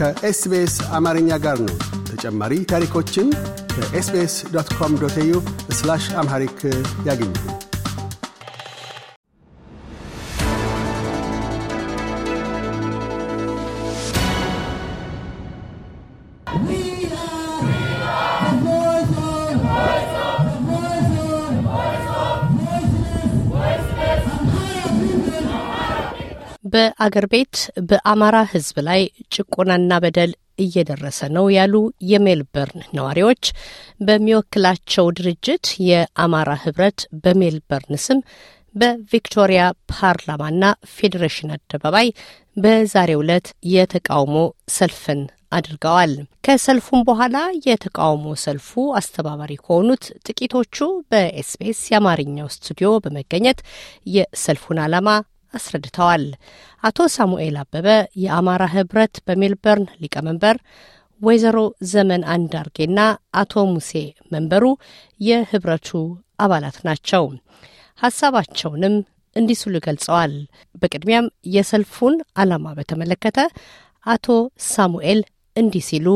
ከኤስቤስ አማርኛ ጋር ነው። ተጨማሪ ታሪኮችን ከኤስቤስ ኮም ዩ አምሃሪክ ያገኛል። አገር ቤት በአማራ ሕዝብ ላይ ጭቆናና በደል እየደረሰ ነው ያሉ የሜልበርን ነዋሪዎች በሚወክላቸው ድርጅት የአማራ ህብረት በሜልበርን ስም በቪክቶሪያ ፓርላማና ፌዴሬሽን አደባባይ በዛሬው ዕለት የተቃውሞ ሰልፍን አድርገዋል። ከሰልፉም በኋላ የተቃውሞ ሰልፉ አስተባባሪ ከሆኑት ጥቂቶቹ በኤስቢኤስ የአማርኛው ስቱዲዮ በመገኘት የሰልፉን ዓላማ አስረድተዋል። አቶ ሳሙኤል አበበ የአማራ ህብረት በሜልበርን ሊቀመንበር፣ ወይዘሮ ዘመን አንዳርጌና አቶ ሙሴ መንበሩ የህብረቱ አባላት ናቸው። ሀሳባቸውንም እንዲህ ሲሉ ገልጸዋል። በቅድሚያም የሰልፉን ዓላማ በተመለከተ አቶ ሳሙኤል እንዲህ ሲሉ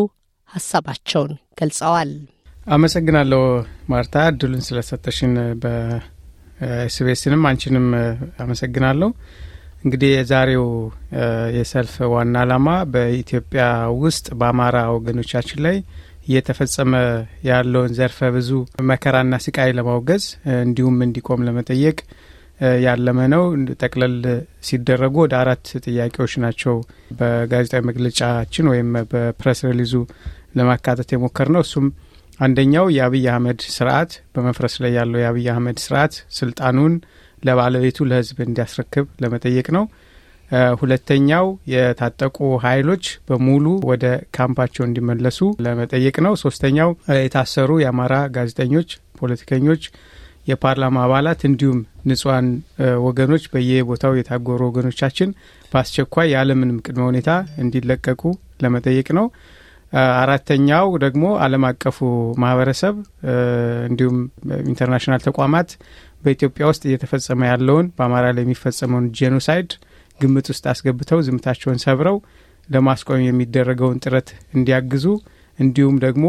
ሀሳባቸውን ገልጸዋል። አመሰግናለሁ ማርታ፣ እድሉን ስለሰጠሽን። ኤስቢኤስንም አንቺንም አመሰግናለሁ። እንግዲህ የዛሬው የሰልፍ ዋና ዓላማ በኢትዮጵያ ውስጥ በአማራ ወገኖቻችን ላይ እየተፈጸመ ያለውን ዘርፈ ብዙ መከራና ስቃይ ለማውገዝ እንዲሁም እንዲቆም ለመጠየቅ ያለመ ነው። ጠቅለል ሲደረጉ ወደ አራት ጥያቄዎች ናቸው በጋዜጣዊ መግለጫችን ወይም በፕሬስ ሪሊዙ ለማካተት የሞከር ነው። እሱም አንደኛው የአብይ አህመድ ስርዓት በመፍረስ ላይ ያለው የአብይ አህመድ ስርዓት ስልጣኑን ለባለቤቱ ለህዝብ እንዲያስረክብ ለመጠየቅ ነው። ሁለተኛው የታጠቁ ኃይሎች በሙሉ ወደ ካምፓቸው እንዲመለሱ ለመጠየቅ ነው። ሶስተኛው የታሰሩ የአማራ ጋዜጠኞች፣ ፖለቲከኞች፣ የፓርላማ አባላት እንዲሁም ንጹሐን ወገኖች በየቦታው የታጎሩ ወገኖቻችን በአስቸኳይ ያለምንም ቅድመ ሁኔታ እንዲለቀቁ ለመጠየቅ ነው። አራተኛው ደግሞ ዓለም አቀፉ ማህበረሰብ እንዲሁም ኢንተርናሽናል ተቋማት በኢትዮጵያ ውስጥ እየተፈጸመ ያለውን በአማራ ላይ የሚፈጸመውን ጄኖሳይድ ግምት ውስጥ አስገብተው ዝምታቸውን ሰብረው ለማስቆም የሚደረገውን ጥረት እንዲያግዙ እንዲሁም ደግሞ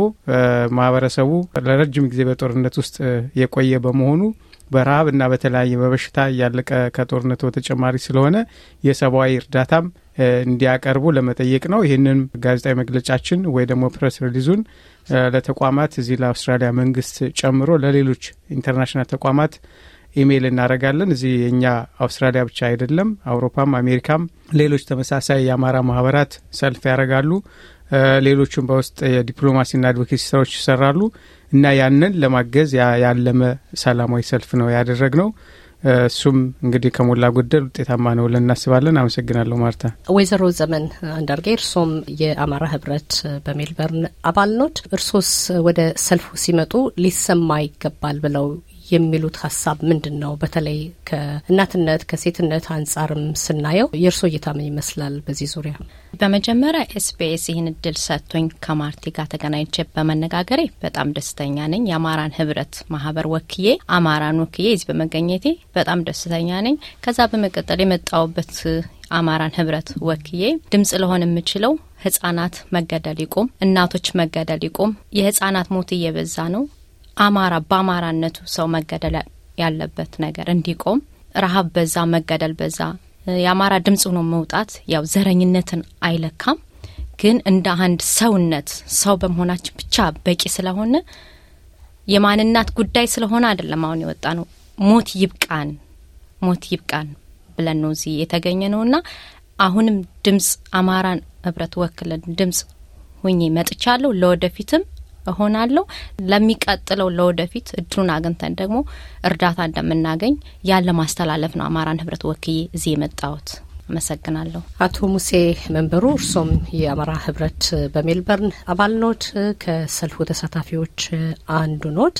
ማህበረሰቡ ለረጅም ጊዜ በጦርነት ውስጥ የቆየ በመሆኑ በረሃብ እና በተለያየ በበሽታ እያለቀ ከጦርነቱ በተጨማሪ ስለሆነ የሰብአዊ እርዳታም እንዲያቀርቡ ለመጠየቅ ነው። ይህንን ጋዜጣዊ መግለጫችን ወይ ደግሞ ፕሬስ ሪሊዙን ለተቋማት እዚህ ለአውስትራሊያ መንግስት ጨምሮ ለሌሎች ኢንተርናሽናል ተቋማት ኢሜይል እናደርጋለን። እዚህ የእኛ አውስትራሊያ ብቻ አይደለም፣ አውሮፓም አሜሪካም ሌሎች ተመሳሳይ የአማራ ማህበራት ሰልፍ ያደርጋሉ። ሌሎቹም በውስጥ የዲፕሎማሲና አድቮኬሲ ስራዎች ይሰራሉ እና ያንን ለማገዝ ያለመ ሰላማዊ ሰልፍ ነው ያደረግ ነው። እሱም እንግዲህ ከሞላ ጎደል ውጤታማ ነው ብለን እናስባለን። አመሰግናለሁ ማርታ። ወይዘሮ ዘመን አንዳርጌ እርሶም የአማራ ህብረት በሜልበርን አባል ኖት። እርሶስ ወደ ሰልፉ ሲመጡ ሊሰማ ይገባል ብለው የሚሉት ሀሳብ ምንድን ነው? በተለይ ከእናትነት ከሴትነት አንጻርም ስናየው የእርሶ እይታ ምን ይመስላል በዚህ ዙሪያ? በመጀመሪያ ኤስቢኤስ ይህን እድል ሰጥቶኝ ከማርቲ ጋር ተገናኝቼ በመነጋገሬ በጣም ደስተኛ ነኝ። የአማራን ህብረት ማህበር ወክዬ አማራን ወክዬ እዚህ በመገኘቴ በጣም ደስተኛ ነኝ። ከዛ በመቀጠል የመጣውበት አማራን ህብረት ወክዬ ድምጽ ለሆን የምችለው ህጻናት መገደል ይቁም፣ እናቶች መገደል ይቁም፣ የህጻናት ሞት እየበዛ ነው አማራ በአማራነቱ ሰው መገደል ያለበት ነገር እንዲቆም፣ ረሀብ በዛ መገደል በዛ የአማራ ድምጽ ሆኖ መውጣት ያው ዘረኝነትን አይለካም፣ ግን እንደ አንድ ሰውነት ሰው በመሆናችን ብቻ በቂ ስለሆነ የማንናት ጉዳይ ስለሆነ አይደለም አሁን የወጣ ነው። ሞት ይብቃን፣ ሞት ይብቃን ብለን ነው እዚህ የተገኘ ነው ነውና አሁንም ድምጽ አማራን ህብረት ወክለን ድምጽ ሁኜ መጥቻለሁ። ለወደፊትም እሆናለሁ። ለሚቀጥለው ለወደፊት እድሉን አግኝተን ደግሞ እርዳታ እንደምናገኝ ያለ ማስተላለፍ ነው አማራን ህብረት ወክዬ እዚህ የመጣሁት። አመሰግናለሁ። አቶ ሙሴ መንበሩ፣ እርሶም የአማራ ህብረት በሜልበርን አባል ኖት፣ ከሰልፉ ተሳታፊዎች አንዱ ኖት።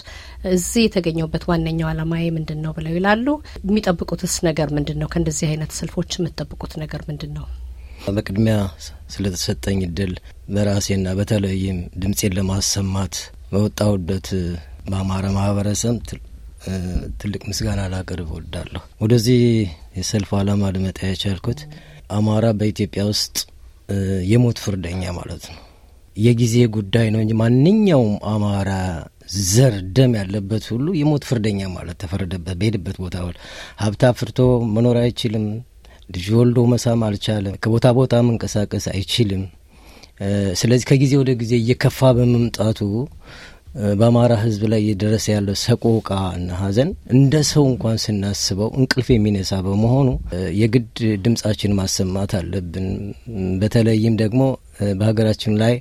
እዚህ የተገኘውበት ዋነኛው አላማዬ ምንድን ነው ብለው ይላሉ? የሚጠብቁትስ ነገር ምንድን ነው? ከእንደዚህ አይነት ሰልፎች የምትጠብቁት ነገር ምንድን ነው? በቅድሚያ ስለተሰጠኝ እድል በራሴና በተለይም ድምፄን ለማሰማት በወጣሁበት በአማራ ማህበረሰብ ትልቅ ምስጋና ላቀርብ ወዳለሁ ወደዚህ የሰልፍ ዓላማ ልመጣ የቻልኩት አማራ በኢትዮጵያ ውስጥ የሞት ፍርደኛ ማለት ነው። የጊዜ ጉዳይ ነው እንጂ ማንኛውም አማራ ዘር ደም ያለበት ሁሉ የሞት ፍርደኛ ማለት ተፈረደበት። በሄድበት ቦታ ሁሉ ሀብታ ፍርቶ መኖር አይችልም። ልጅ ወልዶ መሳም አልቻለም። ከቦታ ቦታ መንቀሳቀስ አይችልም። ስለዚህ ከጊዜ ወደ ጊዜ እየከፋ በመምጣቱ በአማራ ሕዝብ ላይ እየደረሰ ያለው ሰቆቃ እና ሐዘን እንደ ሰው እንኳን ስናስበው እንቅልፍ የሚነሳ በመሆኑ የግድ ድምጻችን ማሰማት አለብን። በተለይም ደግሞ በሀገራችን ላይ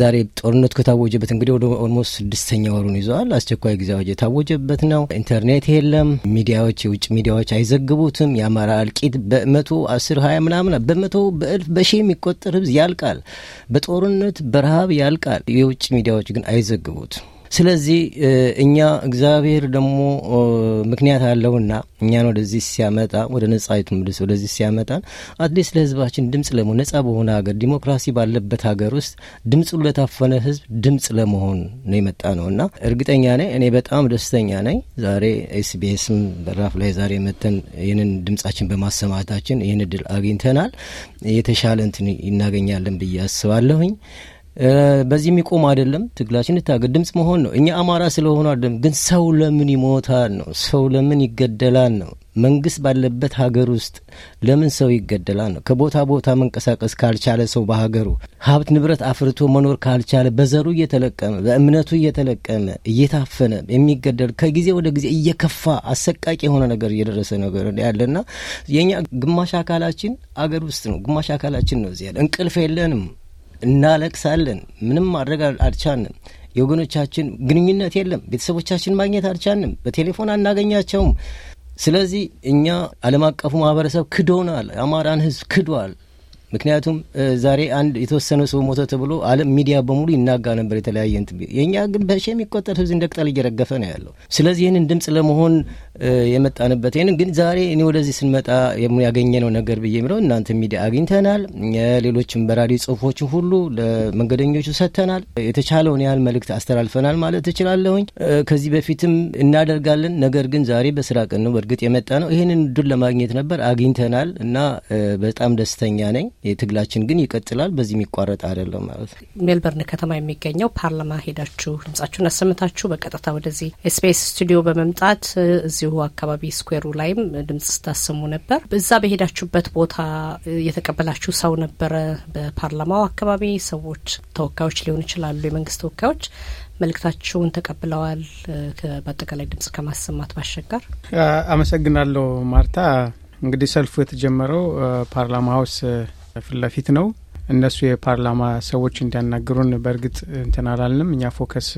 ዛሬ ጦርነቱ ከታወጀበት እንግዲህ ወደ ኦልሞስት ስድስተኛ ወሩን ይዘዋል። አስቸኳይ ጊዜ አዋጅ የታወጀበት ነው። ኢንተርኔት የለም። ሚዲያዎች፣ የውጭ ሚዲያዎች አይዘግቡትም። የአማራ እልቂት በመቶ አስር ሀያ ምናምን በመቶ በእልፍ በሺ የሚቆጠር ህዝብ ያልቃል። በጦርነት በረሃብ ያልቃል። የውጭ ሚዲያዎች ግን አይዘግቡትም። ስለዚህ እኛ እግዚአብሔር ደግሞ ምክንያት አለውና እኛን ወደዚህ ሲያመጣ ወደ ነጻዊቱ ምልስ ወደዚህ ሲያመጣን አትሊስት ለህዝባችን ድምፅ ለመሆን ነጻ በሆነ ሀገር ዲሞክራሲ ባለበት ሀገር ውስጥ ድምፅ ለታፈነ ህዝብ ድምፅ ለመሆን ነው የመጣ ነው እና እርግጠኛ ነኝ እኔ በጣም ደስተኛ ነኝ። ዛሬ ኤስቢኤስም በራፍ ላይ ዛሬ መተን ይህንን ድምጻችን በማሰማታችን ይህን እድል አግኝተናል። የተሻለ እንትን እናገኛለን ብዬ አስባለሁኝ። በዚህ የሚቆም አይደለም። ትግላችን ይታገል ድምፅ መሆን ነው። እኛ አማራ ስለሆኑ አይደለም፣ ግን ሰው ለምን ይሞታል ነው። ሰው ለምን ይገደላል ነው። መንግስት ባለበት ሀገር ውስጥ ለምን ሰው ይገደላል ነው። ከቦታ ቦታ መንቀሳቀስ ካልቻለ ሰው በሀገሩ ሀብት ንብረት አፍርቶ መኖር ካልቻለ በዘሩ እየተለቀመ በእምነቱ እየተለቀመ እየታፈነ የሚገደል ከጊዜ ወደ ጊዜ እየከፋ አሰቃቂ የሆነ ነገር እየደረሰ ነገር ያለና የእኛ ግማሽ አካላችን አገር ውስጥ ነው፣ ግማሽ አካላችን ነው እዚህ ያለ። እንቅልፍ የለንም። እናለቅሳለን። ምንም ማድረግ አልቻንም። የወገኖቻችን ግንኙነት የለም። ቤተሰቦቻችን ማግኘት አልቻንም። በቴሌፎን አናገኛቸውም። ስለዚህ እኛ ዓለም አቀፉ ማህበረሰብ ክዶናል። የአማራን ህዝብ ክዷል። ምክንያቱም ዛሬ አንድ የተወሰነ ሰው ሞተ ተብሎ ዓለም ሚዲያ በሙሉ ይናጋ ነበር። የተለያየ ንት የእኛ ግን በሺ የሚቆጠር ህዝብ እንደ ቅጠል እየረገፈ ነው ያለው። ስለዚህ ይህንን ድምፅ ለመሆን የመጣንበት ይህንን ግን ዛሬ እኔ ወደዚህ ስንመጣ ያገኘነው ነገር ብዬ የሚለው እናንተ ሚዲያ አግኝተናል። ሌሎችም በራዲዮ ጽሁፎችን ሁሉ ለመንገደኞቹ ሰጥተናል። የተቻለውን ያህል መልእክት አስተላልፈናል ማለት ትችላለሁኝ። ከዚህ በፊትም እናደርጋለን። ነገር ግን ዛሬ በስራ ቀን ነው በእርግጥ የመጣ ነው። ይህንን እድል ለማግኘት ነበር አግኝተናል እና በጣም ደስተኛ ነኝ። የትግላችን ግን ይቀጥላል። በዚህ የሚቋረጥ አይደለም ማለት ነው። ሜልበርን ከተማ የሚገኘው ፓርላማ ሄዳችሁ ድምጻችሁን አሰምታችሁ በቀጥታ ወደዚህ ስፔስ ስቱዲዮ በመምጣት እዚሁ አካባቢ ስኩዌሩ ላይም ድምጽ ስታሰሙ ነበር። እዛ በሄዳችሁበት ቦታ የተቀበላችሁ ሰው ነበረ? በፓርላማው አካባቢ ሰዎች፣ ተወካዮች ሊሆን ይችላሉ፣ የመንግስት ተወካዮች መልእክታችሁን ተቀብለዋል። በአጠቃላይ ድምጽ ከማሰማት ባሻገር አመሰግናለሁ ማርታ። እንግዲህ ሰልፉ የተጀመረው ፓርላማ ሀውስ ፊት ለፊት ነው። እነሱ የፓርላማ ሰዎች እንዲያናግሩን በእርግጥ እንትን አላልንም። እኛ ፎከስ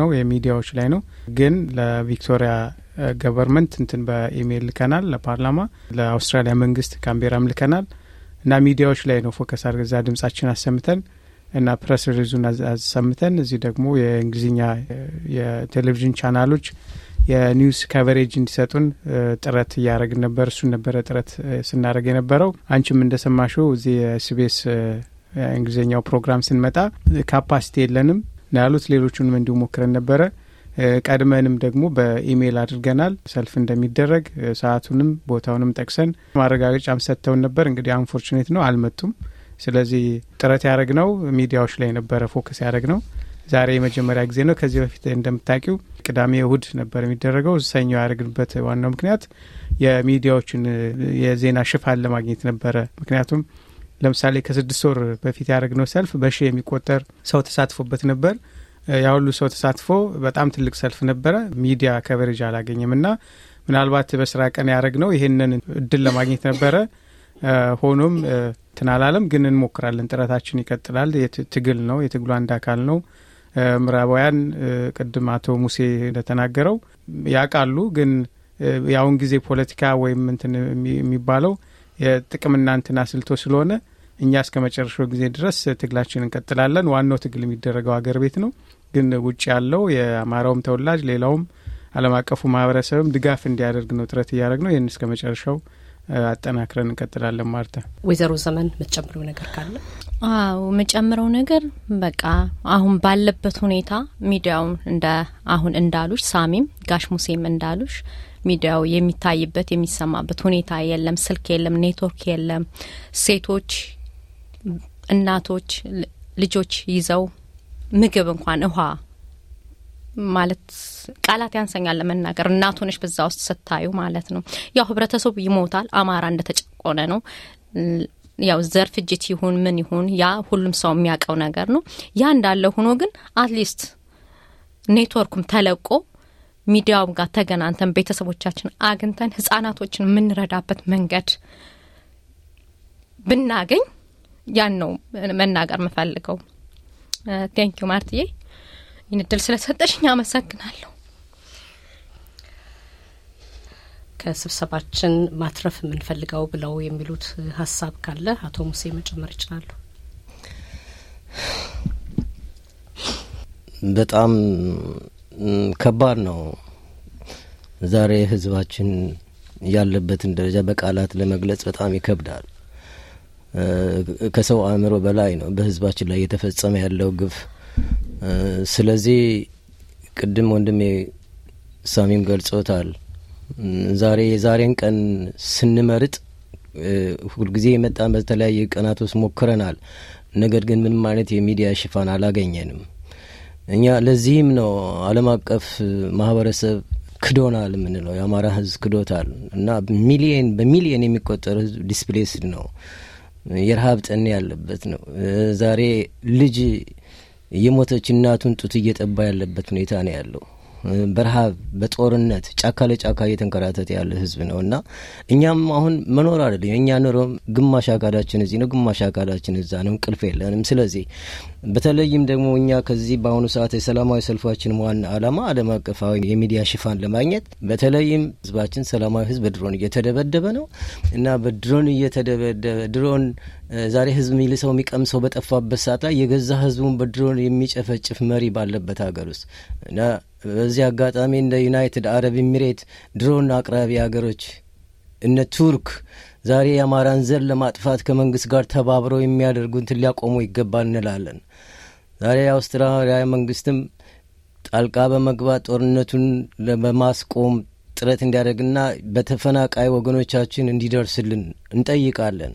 ነው የሚዲያዎች ላይ ነው። ግን ለቪክቶሪያ ገቨርንመንት እንትን በኢሜይል ልከናል፣ ለፓርላማ ለአውስትራሊያ መንግስት ካምቤራም ልከናል እና ሚዲያዎች ላይ ነው ፎከስ አድርገን እዛ ድምጻችን አሰምተን እና ፕሬስ ሪሊዙን አሰምተን እዚህ ደግሞ የእንግሊዝኛ የቴሌቪዥን ቻናሎች የኒውስ ከቨሬጅ እንዲሰጡን ጥረት እያደረግን ነበር። እሱን ነበረ ጥረት ስናደረግ የነበረው። አንቺም እንደሰማሽው እዚህ የስቤስ እንግሊዝኛው ፕሮግራም ስንመጣ ካፓሲቲ የለንም ነው ያሉት። ሌሎቹንም እንዲሁ ሞክረን ነበረ። ቀድመንም ደግሞ በኢሜይል አድርገናል ሰልፍ እንደሚደረግ ሰዓቱንም ቦታውንም ጠቅሰን ማረጋገጫም ሰጥተውን ነበር። እንግዲህ አንፎርቹኔት ነው አልመጡም። ስለዚህ ጥረት ያደረግነው ሚዲያዎች ላይ ነበረ ፎከስ ነው። ዛሬ የመጀመሪያ ጊዜ ነው። ከዚህ በፊት እንደምታውቂው ቅዳሜ እሁድ ነበር የሚደረገው። ሰኞ ያደርግንበት ዋናው ምክንያት የሚዲያዎቹን የዜና ሽፋን ለማግኘት ነበረ። ምክንያቱም ለምሳሌ ከስድስት ወር በፊት ያደረግነው ሰልፍ በሺ የሚቆጠር ሰው ተሳትፎበት ነበር። ያሁሉ ሰው ተሳትፎ በጣም ትልቅ ሰልፍ ነበረ። ሚዲያ ከቨሬጅ አላገኘም እና ምናልባት በስራ ቀን ያደረግነው ይህንን እድል ለማግኘት ነበረ። ሆኖም ትናላለም ግን እንሞክራለን። ጥረታችን ይቀጥላል። ትግል ነው፣ የትግሉ አንድ አካል ነው። ምዕራባውያን ቅድም አቶ ሙሴ እንደተናገረው ያውቃሉ። ግን የአሁን ጊዜ ፖለቲካ ወይም እንትን የሚባለው የጥቅምና እንትን አስልቶ ስለሆነ እኛ እስከ መጨረሻው ጊዜ ድረስ ትግላችን እንቀጥላለን። ዋናው ትግል የሚደረገው ሀገር ቤት ነው። ግን ውጭ ያለው የአማራውም ተወላጅ ሌላውም ዓለም አቀፉ ማህበረሰብም ድጋፍ እንዲያደርግ ነው ጥረት እያደረግ ነው። ይህን እስከ መጨረሻው አጠናክረን እንቀጥላለን። ማርታ፣ ወይዘሮ ዘመን የምትጨምረው ነገር ካለ? አዎ የምጨምረው ነገር በቃ አሁን ባለበት ሁኔታ ሚዲያውን እንደ አሁን እንዳሉሽ ሳሚም ጋሽ ሙሴም እንዳሉሽ ሚዲያው የሚታይበት የሚሰማበት ሁኔታ የለም። ስልክ የለም፣ ኔትወርክ የለም። ሴቶች፣ እናቶች ልጆች ይዘው ምግብ እንኳን ውሃ ማለት ቃላት ያንሰኛል ለመናገር እናቱንሽ በዛ ውስጥ ስታዩ ማለት ነው። ያው ህብረተሰቡ ይሞታል። አማራ እንደተጨቆነ ነው። ያው ዘር ፍጅት ይሁን ምን ይሁን ያ ሁሉም ሰው የሚያውቀው ነገር ነው። ያ እንዳለ ሆኖ ግን አትሊስት ኔትወርኩም ተለቆ ሚዲያው ጋር ተገናንተን ቤተሰቦቻችን አግኝተን ህጻናቶችን የምንረዳበት መንገድ ብናገኝ ያን ነው መናገር የምፈልገው። ቴንኪዩ uh, ማርትዬ። ይህን እድል ስለሰጠሽኝ አመሰግናለሁ። ከስብሰባችን ማትረፍ የምንፈልገው ብለው የሚሉት ሀሳብ ካለ አቶ ሙሴ መጨመር ይችላሉ። በጣም ከባድ ነው። ዛሬ ህዝባችን ያለበትን ደረጃ በቃላት ለመግለጽ በጣም ይከብዳል። ከሰው አእምሮ በላይ ነው በህዝባችን ላይ እየተፈጸመ ያለው ግፍ ስለዚህ ቅድም ወንድሜ ሳሚም ገልጾታል። ዛሬ የዛሬን ቀን ስንመርጥ ሁልጊዜ የመጣን በተለያየ ቀናት ውስጥ ሞክረናል። ነገር ግን ምንም አይነት የሚዲያ ሽፋን አላገኘንም። እኛ ለዚህም ነው ዓለም አቀፍ ማህበረሰብ ክዶናል የምንለው የአማራ ህዝብ ክዶታል እና ሚሊየን በሚሊየን የሚቆጠር ህዝብ ዲስፕሌስድ ነው፣ የረሀብ ጠኔ ያለበት ነው። ዛሬ ልጅ እየሞተች እናቱን ጡት እየጠባ ያለበት ሁኔታ ነው ያለው። በረሃብ በጦርነት ጫካ ለጫካ እየተንከራተት ያለ ህዝብ ነው እና እኛም አሁን መኖር አይደለም የእኛ ኑሮም ግማሽ አካላችን እዚህ ነው፣ ግማሽ አካላችን እዛ ነው። እንቅልፍ የለንም። ስለዚህ በተለይም ደግሞ እኛ ከዚህ በአሁኑ ሰዓት የሰላማዊ ሰልፋችን ዋና ዓላማ ዓለም አቀፋዊ የሚዲያ ሽፋን ለማግኘት በተለይም ህዝባችን ሰላማዊ ህዝብ በድሮን እየተደበደበ ነው እና በድሮን እየተደበደበ ድሮን ዛሬ ህዝብ የሚልሰው የሚቀምሰው በጠፋበት ሰዓት ላይ የገዛ ህዝቡን በድሮን የሚጨፈጭፍ መሪ ባለበት ሀገር ውስጥ እና በዚህ አጋጣሚ እንደ ዩናይትድ አረብ ኤሚሬት ድሮን አቅራቢ ሀገሮች እነ ቱርክ ዛሬ የአማራን ዘር ለማጥፋት ከመንግስት ጋር ተባብረው የሚያደርጉትን ሊያቆሙ ይገባል እንላለን። ዛሬ የአውስትራሊያ መንግስትም ጣልቃ በመግባት ጦርነቱን በማስቆም ጥረት እንዲያደርግና በተፈናቃይ ወገኖቻችን እንዲደርስልን እንጠይቃለን።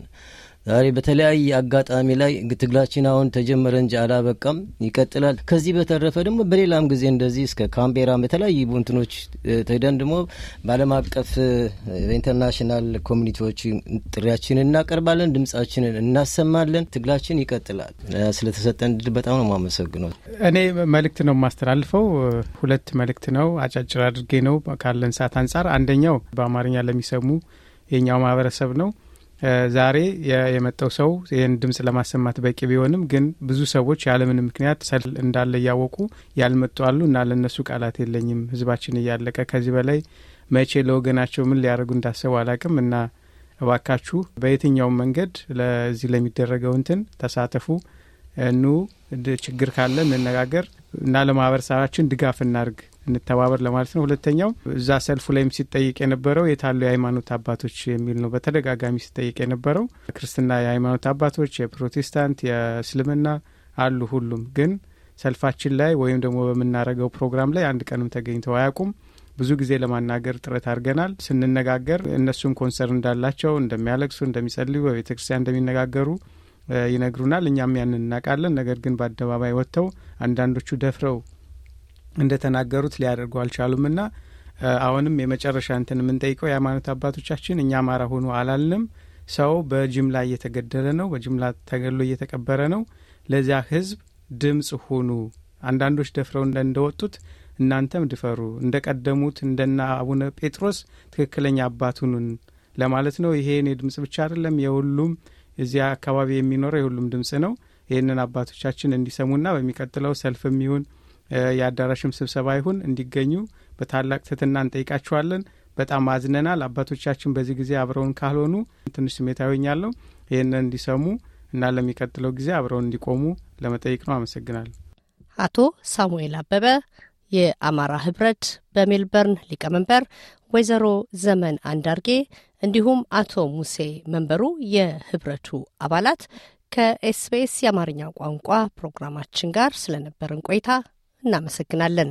ዛሬ በተለያየ አጋጣሚ ላይ ትግላችን አሁን ተጀመረ እንጂ አላበቃም፣ ይቀጥላል። ከዚህ በተረፈ ደግሞ በሌላም ጊዜ እንደዚህ እስከ ካምቤራ በተለያዩ ቡንትኖች ተደን ደግሞ በዓለም አቀፍ ኢንተርናሽናል ኮሚኒቲዎች ጥሪያችንን እናቀርባለን፣ ድምጻችንን እናሰማለን። ትግላችን ይቀጥላል። ስለተሰጠን ድል በጣም ነው የማመሰግነው። እኔ መልእክት ነው የማስተላልፈው፣ ሁለት መልእክት ነው አጫጭር አድርጌ ነው ካለን ሰዓት አንጻር። አንደኛው በአማርኛ ለሚሰሙ የኛው ማህበረሰብ ነው ዛሬ የመጣው ሰው ይህን ድምጽ ለማሰማት በቂ ቢሆንም ግን ብዙ ሰዎች ያለምን ምክንያት ሰልፍ እንዳለ እያወቁ ያልመጡ አሉ እና ለእነሱ ቃላት የለኝም። ህዝባችን እያለቀ ከዚህ በላይ መቼ ለወገናቸው ምን ሊያደርጉ እንዳሰቡ አላቅም እና እባካችሁ በየትኛውም መንገድ ለዚህ ለሚደረገው እንትን ተሳተፉ። ኑ ችግር ካለ እንነጋገር እና ለማህበረሰባችን ድጋፍ እናርግ? እንተባበር ለማለት ነው። ሁለተኛው እዛ ሰልፉ ላይም ሲጠይቅ የነበረው የታሉ የሃይማኖት አባቶች የሚል ነው። በተደጋጋሚ ሲጠይቅ የነበረው ክርስትና የሃይማኖት አባቶች፣ የፕሮቴስታንት፣ የእስልምና አሉ ሁሉም ግን ሰልፋችን ላይ ወይም ደግሞ በምናደርገው ፕሮግራም ላይ አንድ ቀንም ተገኝተው አያውቁም። ብዙ ጊዜ ለማናገር ጥረት አድርገናል። ስንነጋገር እነሱም ኮንሰርን እንዳላቸው፣ እንደሚያለቅሱ፣ እንደሚጸልዩ፣ በቤተ ክርስቲያን እንደሚነጋገሩ ይነግሩናል። እኛም ያን እናውቃለን። ነገር ግን በአደባባይ ወጥተው አንዳንዶቹ ደፍረው እንደተናገሩት ሊያደርጉ አልቻሉምና አሁንም የመጨረሻ እንትን የምንጠይቀው የሃይማኖት አባቶቻችን እኛ አማራ ሆኖ አላልንም። ሰው በጅምላ እየተገደለ ነው፣ በጅምላ ተገሎ እየተቀበረ ነው። ለዚያ ህዝብ ድምፅ ሁኑ። አንዳንዶች ደፍረው እንደወጡት እናንተም ድፈሩ፣ እንደ ቀደሙት እንደና አቡነ ጴጥሮስ ትክክለኛ አባት ሁኑን ለማለት ነው። ይሄ እኔ ድምጽ ብቻ አይደለም፣ የሁሉም እዚያ አካባቢ የሚኖረው የሁሉም ድምጽ ነው። ይህንን አባቶቻችን እንዲሰሙና በሚቀጥለው ሰልፍም ይሁን የአዳራሽም ስብሰባ ይሁን እንዲገኙ በታላቅ ትህትና እንጠይቃችኋለን። በጣም አዝነናል። አባቶቻችን በዚህ ጊዜ አብረውን ካልሆኑ ትንሽ ስሜታዊ ሆኛለሁ። ይህንን እንዲሰሙ እና ለሚቀጥለው ጊዜ አብረውን እንዲቆሙ ለመጠየቅ ነው። አመሰግናለሁ። አቶ ሳሙኤል አበበ የአማራ ህብረት በሜልበርን ሊቀመንበር፣ ወይዘሮ ዘመን አንዳርጌ እንዲሁም አቶ ሙሴ መንበሩ የህብረቱ አባላት ከኤስቢኤስ የአማርኛ ቋንቋ ፕሮግራማችን ጋር ስለነበረን ቆይታ እናመሰግናለን።